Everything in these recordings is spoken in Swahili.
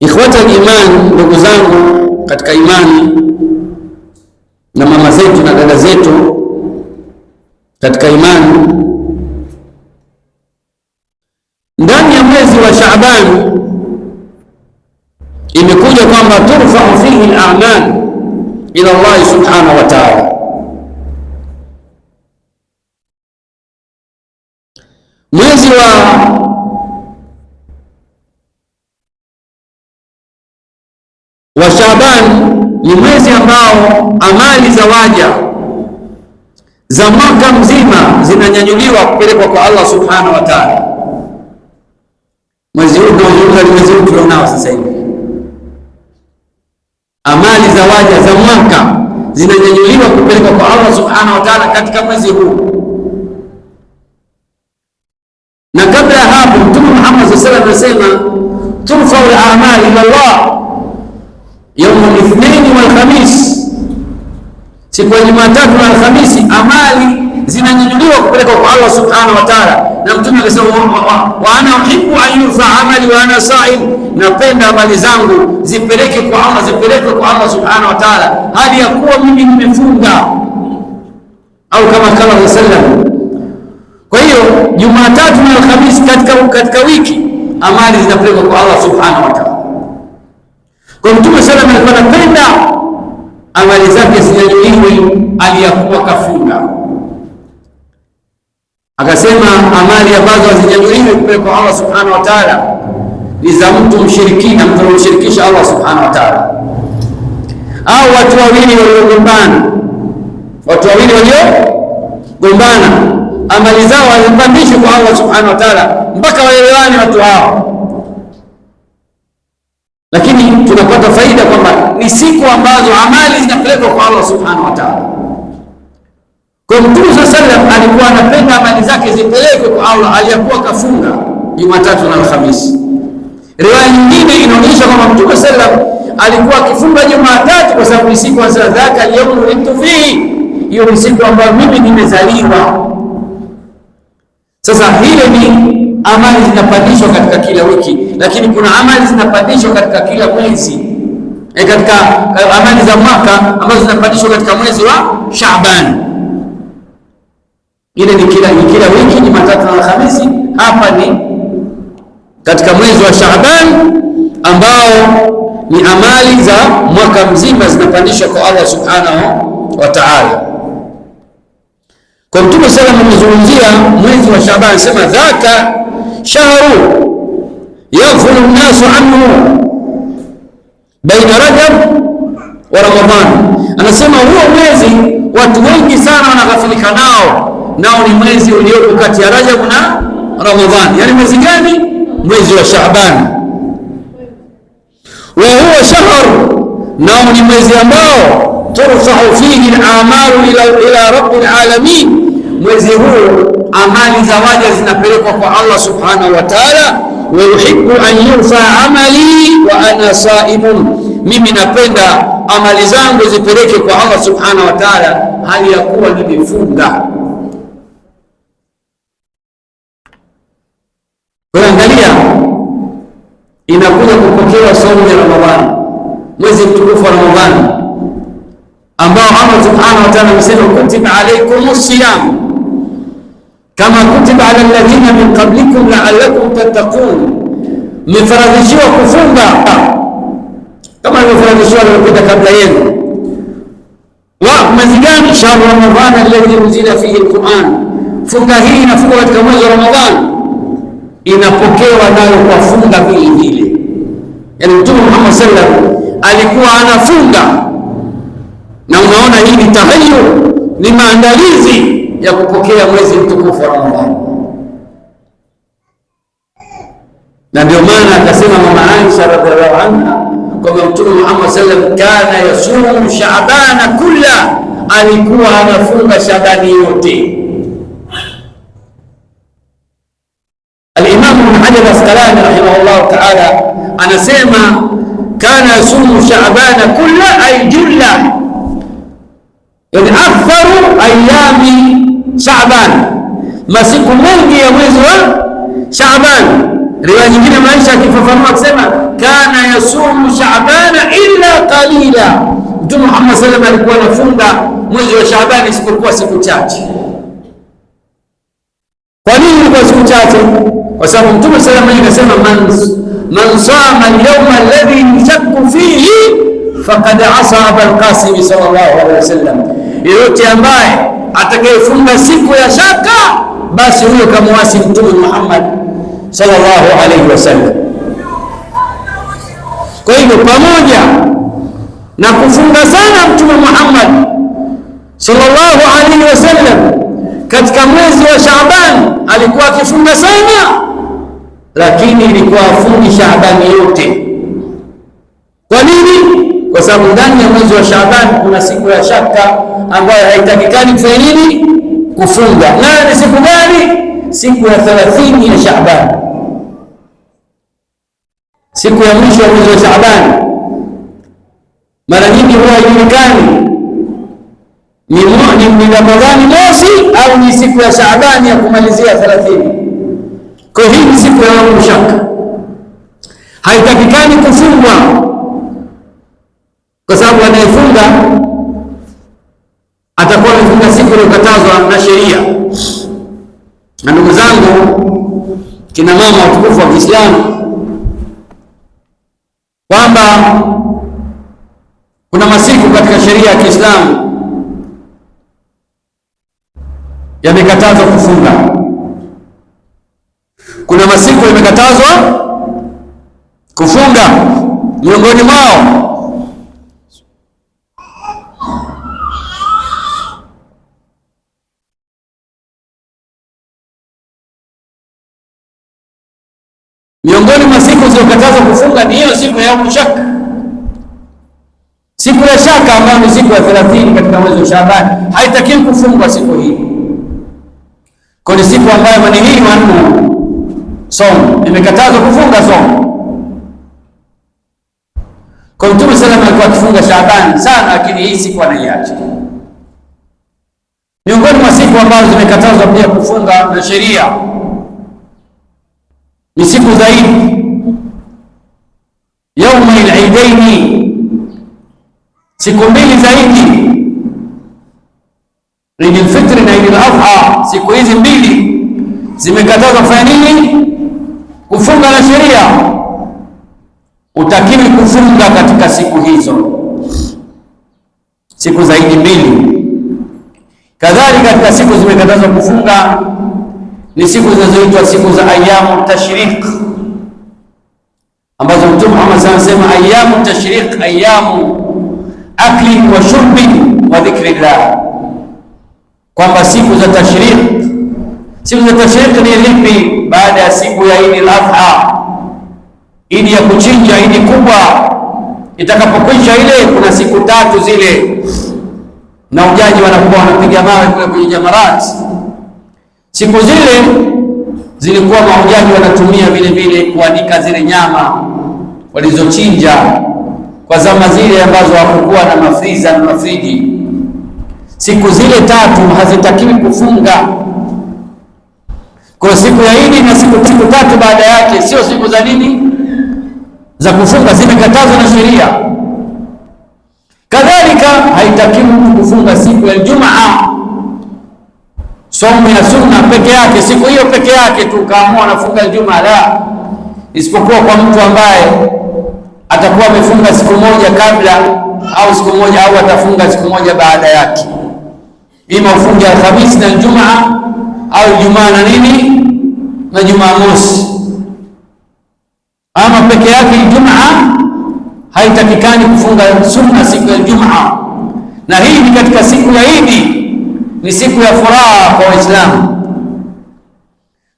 Ikhwata imani, ndugu zangu katika imani, na mama zetu na dada zetu katika imani, ndani ya mwezi wa Shaaban imekuja kwamba turfau fihi al-a'mal ila Allah subhanahu wa ta'ala. Mwezi wa wa Shaaban ni mwezi ambao amali za waja za mwaka mzima zinanyanyuliwa kupelekwa kwa Allah subhanahu wa ta'ala. Mwezi huu tunaozungumza ni mwezi huu tulionao sasa hivi, amali za waja za mwaka zinanyanyuliwa kupelekwa kwa Allah subhanahu wa ta'ala katika mwezi huu. Na kabla ya hapo, Mtume Muhammad sallallahu alaihi wasallam anasema al a'mal ila Allah yaumu lithnaini walkhamis, siku ya Jumatatu na Alhamisi, amali zinanyanyuliwa kupelekwa kwa Allah subhanahu wa ta'ala. Na mtume akasema, wa ana uhibbu an yurfa amali wa ana saim, napenda amali zangu zipeleke kwa Allah, zipelekwe kwa Allah subhanahu wa ta'ala, hali ya kuwa mimi nimefunga, au kama kala sallam. Kwa hiyo Jumatatu na Alhamisi katika, katika wiki amali zinapelekwa kwa Allah subhanahu wa ta'ala. Kwa Mtume sallam alikuwa anapenda amali zake zinyanyuliwe, aliyakuwa kafunga. Akasema amali ambazo hazinyanyuliwi kupeleka kwa Allah subhanahu wa ta'ala ni za mtu mshirikina, mtu anamshirikisha Allah subhanahu wa ta'ala, au watu wawili waliogombana, watu wawili waliogombana, amali zao hazipandishwi kwa Allah subhanahu wa ta'ala mpaka waelewane watu hao lakini tunapata faida kwamba ni siku ambazo amali zinapelekwa kwa Allah subhanahu wa ta'ala. Kwa Mtume sallallahu alikuwa anapenda amali zake zipelekwe kwa Allah, aliyakuwa kafunga Jumatatu na Alhamisi. Riwaya nyingine inaonyesha kwamba Mtume sallam alikuwa akifunga Jumatatu kwa sababu ni siku za sadaka, al ulidtu fihi, hiyo ni siku ambayo mimi nimezaliwa. Sasa hile ni amali zinapandishwa katika kila wiki lakini kuna amali zinapandishwa katika kila mwezi e, katika amali za mwaka ambazo zinapandishwa katika mwezi wa Shaaban. Ile ni kila, kila wiki Jumatatu na Alhamisi. Hapa ni katika mwezi wa Shaaban ambao ni amali za mwaka mzima zinapandishwa kwa Allah subhanahu wa ta'ala. Kwa Mtume sallallahu alayhi wasallam amezungumzia mwezi wa Shaaban, sema dhaka shahru yaghfulu nnasu anhu baina Rajab wa Ramadhan. Anasema huo mwezi watu wengi sana wanaghafilika nao, nao ni mwezi uliopo kati ya Rajab na Ramadhan. yani mwezi gani? Mwezi wa Shaaban. Wa huwa shahr, nao ni mwezi ambao turfau fihi al-amalu ila, ila rabbil alamin mwezi huu amali za waja zinapelekwa kwa Allah subhanahu wa ta'ala. wa yuhibbu an yurfa amali wa ana saimun, mimi napenda amali zangu zipeleke kwa Allah subhanahu wa ta'ala hali ya kuwa nimefunga. Kuangalia inakuja kupokewa somo ya Ramadhani, mwezi mtukufu wa Ramadhani ambao Allah subhanahu wa ta'ala amesema kutiba alaykumus siyam kama kutiba ala alladhina min qablikum la'allakum tattaqun, mmefaradhishiwa kufunga kama alivyofaradhishiwa waliopita kabla yenu. Wa mwezi gani? Shahru ramadhana alladhi unzila fihi alquran. Funga hii inafungwa katika mwezi wa Ramadhani, inapokewa nayo kwa funga vile vile. Yani Mtume Muhammad sallallahu alaihi wasallam alikuwa anafunga, na unaona hii ni tahayyu, ni maandalizi ya kupokea mwezi mtukufu wa Ramadhani, na ndio maana akasema mama Aisha radhiallahu anha kwamba Mtume Muhammad sallam kana yasumu shaabana kulla, alikuwa anafunga Shabani yote. Alimamu Ibn Hajar Asqalani rahimahullahu taala anasema kana yasumu shaabana kulla ay julla yani aktharu ayami Shaaban, masiku mengi ya mwezi wa Shaaban. Riwaya nyingine Maisha akifafanua akisema kana yasumu shaabana illa qalila, Mtume Muhammad sallallahu alikuwa anafunga mwezi wa Shaaban isipokuwa siku chache. Kwa nini ilikuwa siku chache? Kwa sababu Mtume sallallahu alaihi wasallam man sama al alladhi yushakku fihi faqad asa Abul sallallahu alaihi wasallam, yeyote ambaye atakayefunga siku ya shaka, basi huyo kamwasi Mtume Muhammad sallallahu alaihi wasallam. Kwa hivyo pamoja na kufunga sana Mtume Muhammad sallallahu alaihi wasallam katika mwezi wa Shaaban alikuwa akifunga sana, lakini ilikuwa afungi Shaabani yote. Kwa nini? kwa sababu ndani ya mwezi wa Shaaban kuna siku ya shaka ambayo haitakikani kufanya nini? Kufunga. Nayo ni siku gani? Siku ya thelathini ya Shaaban, siku ya mwisho ya mwezi wa Shaaban. Mara nyingi huwa haijulikani ni Ramadhani mosi au ni siku ya Shaaban ya kumalizia thelathini. Kwa hiyo hii ni siku ya shaka, haitakikani kufungwa kwa sababu anayefunga atakuwa amefunga siku iliyokatazwa na sheria. Na ndugu zangu, kina mama watukufu wa Kiislamu, kwamba kuna masiku katika sheria ya Kiislamu yamekatazwa kufunga, kuna masiku yamekatazwa kufunga, miongoni mwao Miongoni mwa siku zilizokatazwa kufunga ni hiyo siku ya yaumu shaka, siku ya shaka ambayo ni siku ya 30 katika mwezi wa Shaaban. haitakiwi kufungwa siku hii. Kwa ni siku ambayo ni hii manne somo imekatazwa kufunga somo. Kwa Mtume sallam alikuwa akifunga Shaaban sana, lakini hii siku anaiacha. Miongoni mwa siku ambazo zimekatazwa pia kufunga na sheria ni siku zaidi yauma lidaini, siku mbili zaidi Idi, lfitri na Idi ladha. Siku hizi mbili zimekatazwa kufanya nini? Kufunga na sheria, utakiwi kufunga katika siku hizo, siku zaidi mbili. Kadhalika katika siku zimekatazwa kufunga ni siku zinazoitwa siku za ayamu tashriq, ambazo Mtume Muhammad sana sema ayamu tashriq, ayamu akli wa shurbi wa dhikrillah, kwamba siku za tashriq. Siku za tashriq ni lipi? Baada ya siku ya Idi al-Adha, idi ya kuchinja, idi kubwa itakapokwisha ile, kuna siku tatu zile, na ujaji wanakuwa wanapiga mawe kule kwenye jamarati Siku zile zilikuwa mahujaji wanatumia vile vile kuanika zile nyama walizochinja kwa zama zile ambazo hakukuwa na mafriza na mafriji. Siku zile tatu hazitakiwi kufunga kwa siku ya Idi na siku tatu, tatu baada yake, sio siku za nini za kufunga, zimekatazwa na sheria. Kadhalika haitakiwi mtu kufunga siku ya Ijumaa somo ya sunna peke yake, siku hiyo peke yake tu kaamua anafunga Ijumaa, la isipokuwa kwa mtu ambaye atakuwa amefunga siku moja kabla au siku moja au atafunga siku moja baada yake, ima ufunge Alhamisi na Ijumaa au Ijumaa na nini na Jumamosi. Ama peke yake Ijumaa haitakikani kufunga sunna siku ya Ijumaa, na hii ni katika siku ya Idi ni siku ya furaha kwa Waislamu.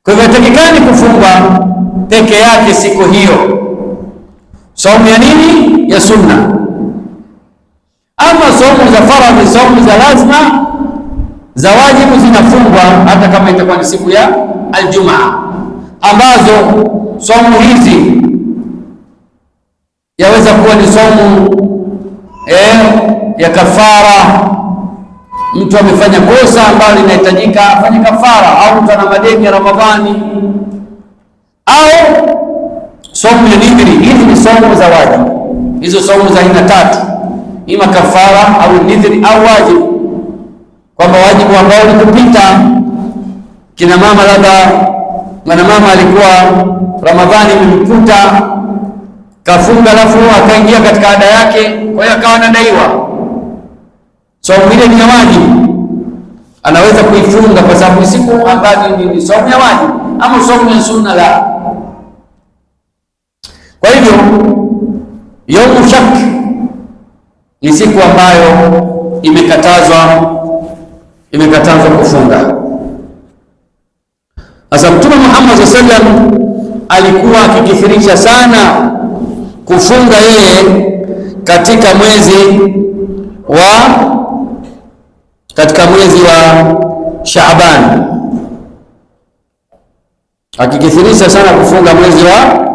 Kwa hivyo hatakikani kufunga peke yake siku hiyo, saumu ya nini? Ya sunna. Ama saumu za faradhi, saumu za lazima, za wajibu zinafungwa hata kama itakuwa ni siku ya Aljumaa, ambazo saumu hizi yaweza kuwa ni saumu eh, ya kafara mtu amefanya kosa ambalo linahitajika afanye kafara, au mtu ana madeni ya Ramadhani au somo ya nidhri. Hizi ni somo za wajibu, hizo somo za aina tatu, ima kafara au nidhri au wajibu, kwamba wajibu ambao ulikupita. Kina mama labda mwanamama alikuwa Ramadhani imemkuta kafunga, alafu akaingia katika ada yake, kwa hiyo akawa anadaiwa Saumu ile ni ya wajibu, anaweza kuifunga kwa sababu ni siku ambayo ni saumu ya wajibu ama saumu ya sunna la. Kwa hivyo yaumu shak ni siku ambayo imekatazwa imekatazwa kufunga. Sasa Mtume Muhammad sallam alikuwa akikithirisha sana kufunga yeye katika mwezi wa katika mwezi wa Shaaban, akikithirisha sana kufunga mwezi wa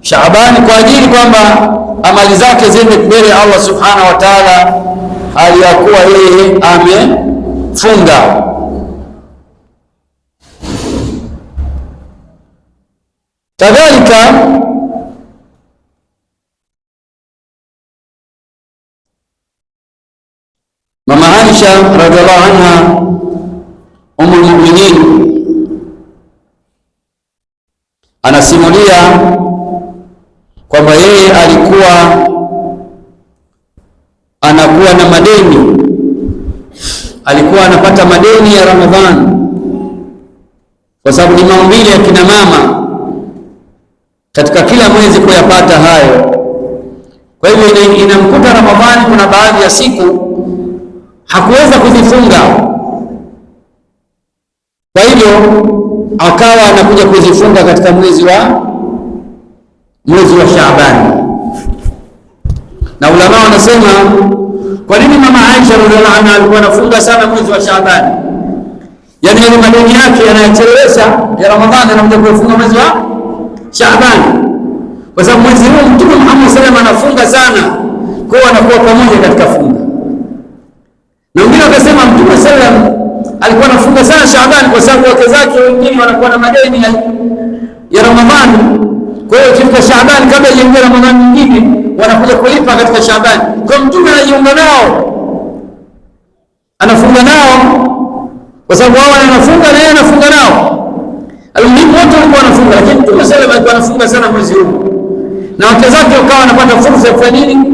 Shaaban kwa ajili kwamba amali zake ziende mbele ya Allah subhanahu wa taala, aliyakuwa yeye amefunga. Kadhalika Aisha radhiallahu anha umu lmuminin anasimulia kwamba yeye alikuwa anakuwa na madeni, alikuwa anapata madeni ya Ramadhani kwa sababu ni maumbile ya kina mama katika kila mwezi kuyapata hayo. Kwa hivyo inamkuta Ramadhani, kuna baadhi ya siku hakuweza kuzifunga, kwa hivyo akawa anakuja kuzifunga katika mwezi wa mwezi wa Shaaban. Na ulama wanasema kwa nini mama Aisha radhiallahu anha alikuwa anafunga sana mwezi wa Shaaban? Yaani ile madeni yake anayachelewesha ya Ramadhani anakuja kufunga mwezi wa Shaaban, kwa sababu mwezi huu Mtume Muhammad sallallahu alaihi wasallam anafunga sana, kwa anakuwa pamoja katika funga wengine wakasema Mtume sallam alikuwa anafunga sana Shaaban kwa sababu wake zake wengine wanakuwa na madeni ya Ramadhani. Kwa hiyo ikifika Shaaban, kabla iingie Ramadhani nyingine, wanakuja kulipa katika Shaaban. Kwa Mtume anajiunga nao, anafunga nao kwa sababu wao wanafunga na yeye anafunga nao. Almuhimu wote walikuwa wanafunga, lakini Mtume sallam alikuwa anafunga sana mwezi huu, na wake zake wakawa wanapata fursa ya kufanya nini,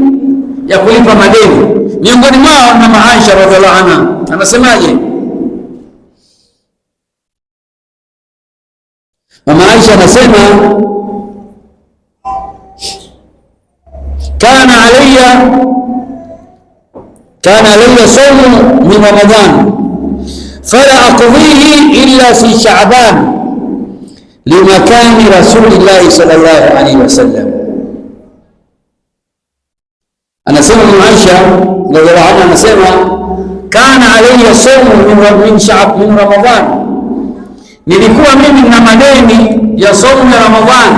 ya kulipa madeni miongoni mwao mama Aisha radhiallahu anha anasemaje? Mama Aisha anasema kana alayya kana alayya sawmu min Ramadhan fala aqdihi illa fi Sha'ban limakani Rasulillahi sallallahu alayhi wasallam. Anasema mama Aisha radhiallahu anasema kana alayya sawmu min sha'ab min Ramadhan, nilikuwa mimi na madeni ya sawmu ya Ramadhan,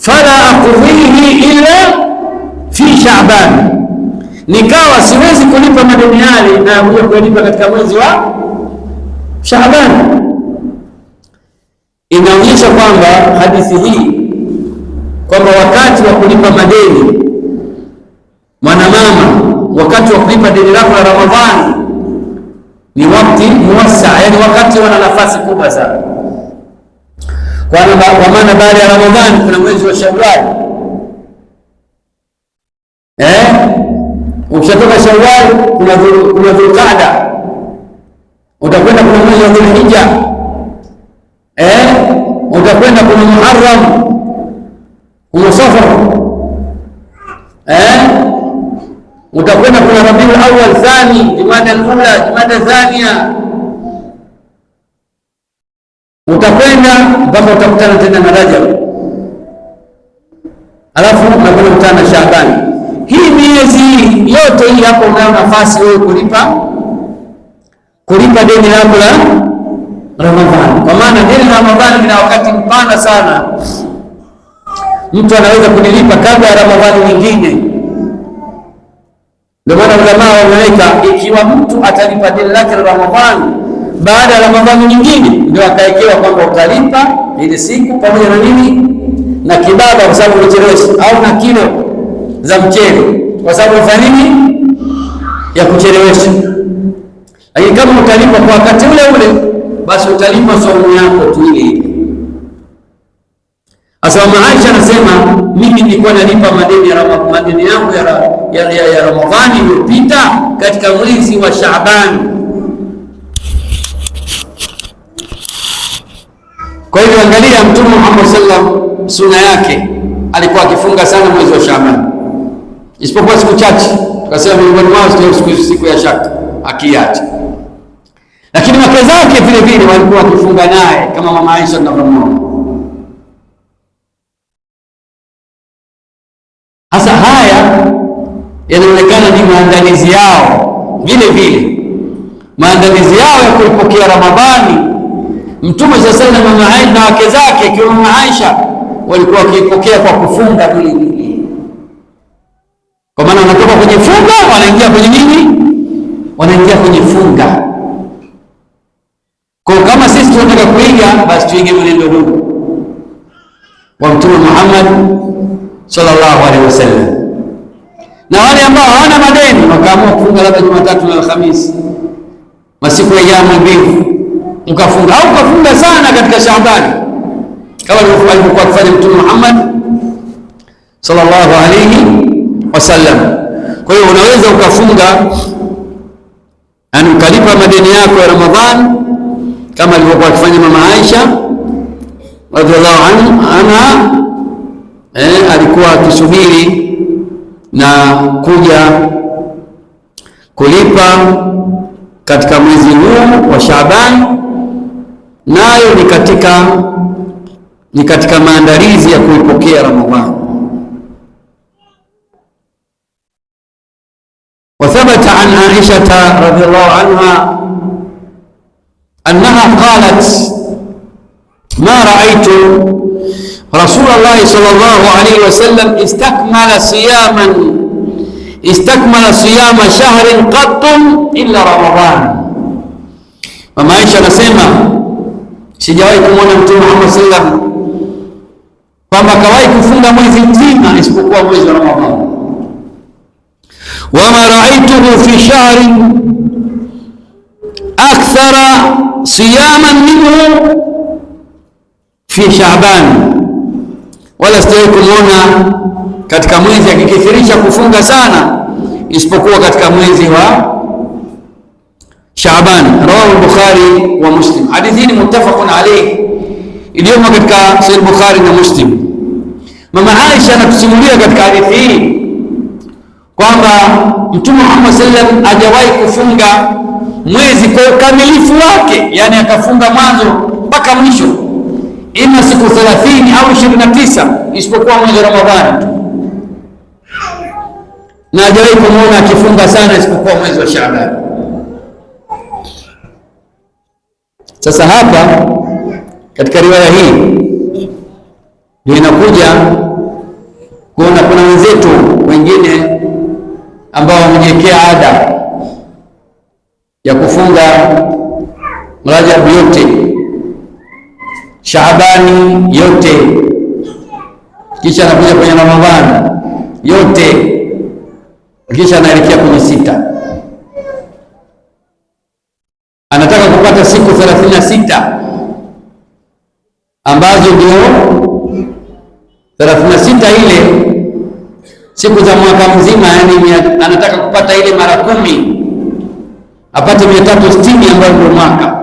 fala aqdhihi illa fi Sha'ban, nikawa siwezi kulipa madeni yale na kuja kulipa katika mwezi wa Sha'ban. Inaonyesha kwamba hadithi hii kwamba wakati wa kulipa madeni mwanamama wakati wa kulipa deni lako la Ramadhani ni wakati muwasa, yani wakati wana nafasi kubwa sana, kwa maana baada ya Ramadhani kuna mwezi wa Shawwal. Eh, ukishatoka Shawwal kuna kuna Dhulqaada, utakwenda kuna mwezi wa Dhulhijja, eh, utakwenda kuna Muharram, kuna Safar utakwenda kuna Rabiul awal thani, Jumada al Jumada thania, utakwenda mpaka utakutana tena na Rajab, alafu unakwenda kutana na Shaabani. Hii miezi yote hii hapo unayo nafasi wewe kulipa kulipa deni lako la Ramadhani, kwa maana deni la Ramadhani lina wakati mpana sana, mtu anaweza kulilipa kabla ya Ramadhani nyingine ndio maana ulama wameweka ikiwa mtu atalipa deni lake la Ramadhani baada ya Ramadhani nyingine, ndio akaekewa kwamba utalipa ile siku pamoja na nini na kibaba, kwa sababu umechelewesha, au na kilo za mchele kwa sababu ya nini ya kuchelewesha. Lakini kama utalipa kwa wakati ule ule, basi utalipa saumu yako tu ile ile. Sasa Mama Aisha anasema mimi nilikuwa nalipa madeni ya madeni yangu ya, ya, ya, ya Ramadhani iliyopita katika mwezi wa Shaaban. Kwa hivyo angalia, Mtume Muhammad sallam suna yake alikuwa akifunga sana mwezi wa Shaaban, isipokuwa siku chache, tukasema miongoni mwao siku siku ya shaka akiacha, lakini wake zake vile vile walikuwa wakifunga naye kama Mama Aisha tunavyomwona yanaonekana ni maandalizi yao vile vile, maandalizi yao ya kuipokea Ramadhani. Mtume sallallahu alaihi na wake zake ikiwa mama Aisha walikuwa wakiipokea kwa kufunga vile vile, kwa maana wanatoka kwenye funga wanaingia kwenye nini? Wanaingia kwenye funga. Kwa kama sisi tunataka kuiga, basi tuige mwenendo huu wa Mtume Muhammad sallallahu alaihi wasallam na wale ambao hawana madeni wakaamua kufunga labda Jumatatu na Alhamisi, masiku ya jamu mbivu, mkafunga au mkafunga sana katika Shaabani kama alivyokuwa akifanya Mtume Muhammad sallallahu alayhi wasallam. Kwa hiyo unaweza ukafunga na ukalipa madeni yako ya Ramadhani kama alivyokuwa akifanya Mama Aisha radhiallahu anha, eh, alikuwa akisubiri na kuja kulipa katika mwezi huu wa Shaaban, nayo ni katika ni katika maandalizi ya kuipokea Ramadhani. Wa thabata an Aishata radhiyallahu anha annaha qalat ma raaitu Rasulullah الله alaihi wasallam istakmala siyaman استكمل صيام شهر qattum الا رمضان Mama Aisha anasema sijawahi kumwona Mtume Muhammad sallallahu alaihi wasallam kwamba akawahi kufunga mwezi mzima isipokuwa mwezi wa Ramadhan. Wama raaituhu fi shahrin akthara siyaman minhu fi Shaaban wala sitawahi kumwona katika mwezi akikithirisha kufunga sana, isipokuwa katika mwezi wa Shaaban. Rawahu Bukhari wa Muslim. Hadithi hii ni muttafaqun alayh, iliyomo katika Sahih Bukhari na Muslim. Mama Aisha anatusimulia katika hadithi hii kwamba Mtume Muhammad sallallahu ajawahi wasallam kufunga mwezi kwa ukamilifu wake, yani akafunga mwanzo mpaka mwisho ima siku 30 au 29 isipokuwa mwezi Ramadhani tu, na hajawahi kumwona akifunga sana isipokuwa mwezi wa Shaaban. Sasa hapa katika riwaya hii ndio inakuja kuona kuna wenzetu wengine ambao wamejiwekea ada ya kufunga Rajab yote Shaabani yote, kisha anakuja kwenye Ramadhani yote, kisha anaelekea kwenye sita. Anataka kupata siku thelathini na sita ambazo ndio thelathini na sita ile siku za mwaka mzima, yani anataka kupata ile mara kumi apate mia tatu sitini ambayo ndio mwaka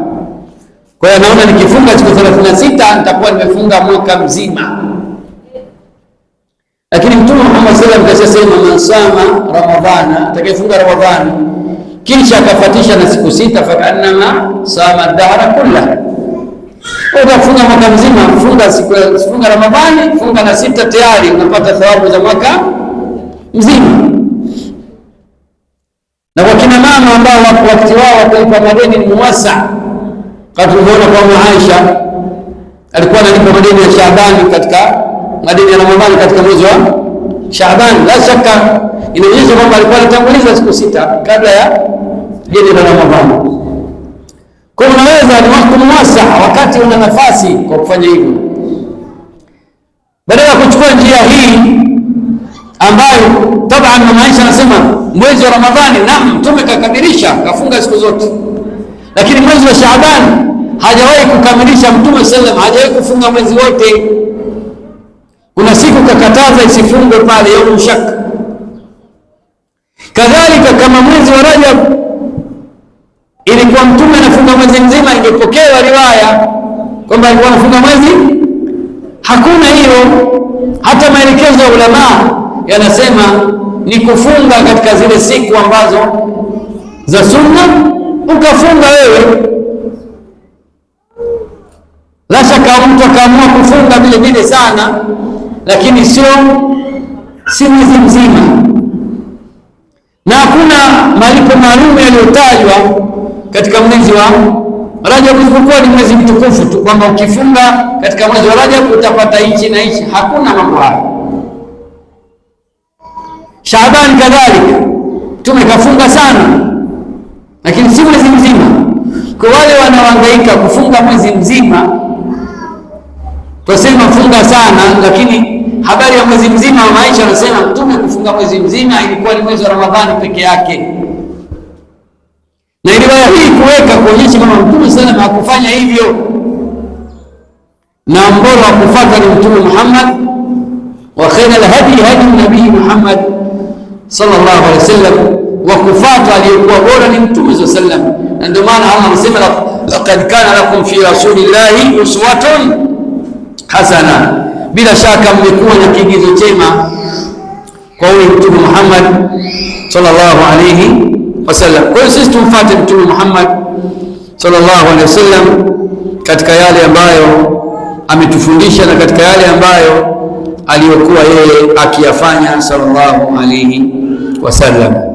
kwa hiyo naona nikifunga siku 36 nitakuwa nimefunga mwaka mzima. Lakini Mtume Muhammad sallallahu alaihi wasallam kasema, man sama ramadhana, atakayefunga Ramadhani kisha akafuatisha na siku sita, fakaannama sama dahra kulla. Utafunga mwaka mzima, funga siku funga Ramadhani, funga na sita, tayari unapata thawabu za mwaka mzima. Na kwa kina mama ambao wakati wao wa wakulipa madeni ni muwasa Wakati tumeona kwamba Aisha alikuwa analipa madeni ya Shaabani katika madeni ya Ramadhani katika mwezi wa Shaabani, la shaka inaonyesha kwamba alikuwa anatanguliza siku sita kabla ya deni la Ramadhani. Kwa unaweza ni wakati wasa, wakati una nafasi kwa kufanya hivyo, badala ya kuchukua njia hii ambayo taban, mama Aisha anasema mwezi wa Ramadhani, na mtume kakadirisha kafunga siku zote lakini mwezi wa Shaaban hajawahi kukamilisha Mtume sallam, hajawahi kufunga mwezi wote. Kuna siku kakataza isifungwe pale yaumu shak. Kadhalika kama mwezi wa Rajab ilikuwa Mtume anafunga mwezi mzima, ingepokewa riwaya kwamba alikuwa anafunga mwezi. Hakuna hiyo, hata maelekezo ya ulamaa yanasema ni kufunga katika zile siku ambazo za sunna ukafunga wewe. La shaka mtu akaamua kufunga vile vile sana, lakini sio si mwezi mzima, na hakuna malipo maalum yaliyotajwa katika mwezi wa Rajab, isipokuwa ni mwezi mtukufu tu, kwamba ukifunga katika mwezi wa Rajab utapata hichi na hichi. Hakuna mambo hayo. Shaaban kadhalika tumekafunga sana lakini si mwezi mzima. Kwa wale wanaohangaika kufunga mwezi mzima, twasema funga sana, lakini habari ya mwezi mzima wa maisha, anasema Mtume kufunga mwezi mzima ilikuwa ni mwezi wa Ramadhani peke yake, na riwaya hii kuweka kuonyesha kwamba Mtume salama hakufanya hivyo, na mbora wa kufuata ni Mtume Muhammad wa khairul hadi hadi nabii Muhammad sallallahu alaihi wasallam wa kufuata aliyekuwa bora ni Mtume sallallahu alaihi na ndio maana Allah anasema laqad kana lakum fi rasulillahi uswatun hasana, bila shaka mmekuwa na kiigizo chema kwa huyo Mtume Muhammad sallallahu alaihi wasallam. Kwa hiyo sisi tumfuate Mtume Muhammad sallallahu alaihi wasallam katika yale ambayo ametufundisha na katika yale ambayo aliyokuwa yeye akiyafanya sallallahu alaihi wasallam.